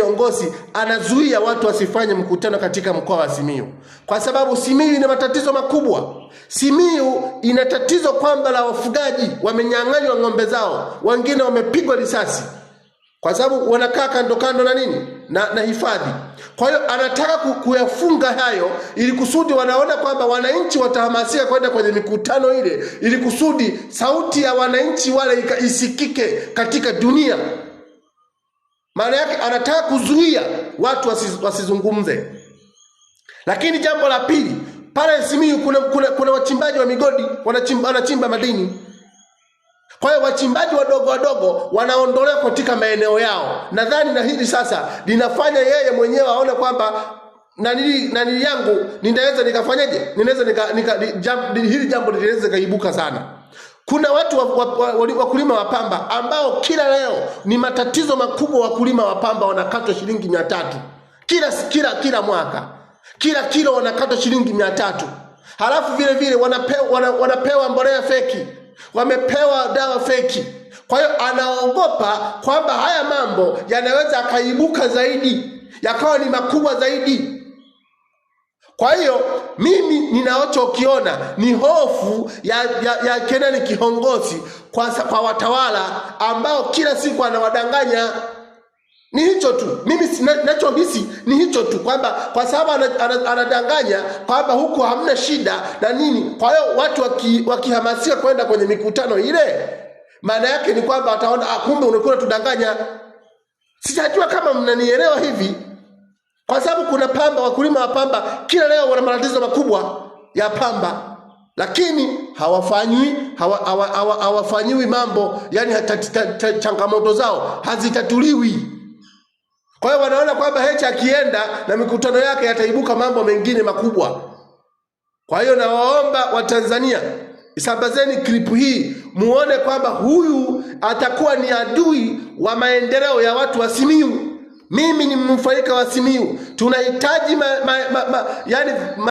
kiongozi anazuia watu wasifanye mkutano katika mkoa wa simiu kwa sababu simiu ina matatizo makubwa. simiu ina tatizo kwamba la wafugaji wamenyang'anywa ng'ombe zao, wengine wamepigwa risasi kwa sababu wanakaa kando kando na nini na, na hifadhi. Kwa hiyo anataka kuyafunga hayo ili kusudi wanaona kwamba wananchi watahamasika kwenda kwenye mikutano ile ili kusudi sauti ya wananchi wale isikike katika dunia. Maana yake anataka kuzuia watu wasizungumze. Lakini jambo la pili, pale Simiyu kuna, kuna, kuna wachimbaji wa migodi wanachimba, wanachimba madini. Kwa hiyo wachimbaji wadogo wadogo wanaondolewa katika maeneo yao. Nadhani na hili sasa linafanya yeye mwenyewe aone kwamba nanili nanili yangu ninaweza nikafanyaje, ninaweza nika, nika, nika jam, hili jambo linaweza kaibuka sana kuna watu wakulima wa, wa, wa pamba ambao kila leo ni matatizo makubwa. Wakulima wa pamba wanakatwa shilingi mia tatu kila, kila, kila mwaka, kila kilo wanakatwa shilingi mia tatu halafu vile vile wanapewa, wana, wanapewa mbolea feki, wamepewa dawa feki. Kwa hiyo anaogopa kwamba haya mambo yanaweza akaibuka zaidi yakawa ni makubwa zaidi. Kwa hiyo mimi ninachokiona ni hofu ya, ya, ya Kenani Kihongosi kwa, kwa watawala ambao kila siku anawadanganya. Ni hicho tu, mimi ninachohisi ni hicho tu, kwamba kwa sababu anadanganya kwamba huku hamna shida na nini. Kwa hiyo watu wakihamasika waki kwenda kwenye mikutano ile, maana yake ni kwamba wataona, ah, kumbe unakuwa tudanganya. Sijajua kama mnanielewa hivi kwa sababu kuna pamba, wakulima wa pamba kila leo wana matatizo makubwa ya pamba, lakini hawafanywi hawafanyiwi hawa, hawa, hawa mambo yani changamoto zao hazitatuliwi. Kwa hiyo wanaona kwamba Heche akienda na mikutano yake yataibuka mambo mengine makubwa. Kwa hiyo nawaomba Watanzania, isambazeni klipu hii muone kwamba huyu atakuwa ni adui wa maendeleo ya watu wa Simiyu. Mimi ni mnufaika wa Simiyu, tunahitaji ma, ma, ma, ma, yani ma,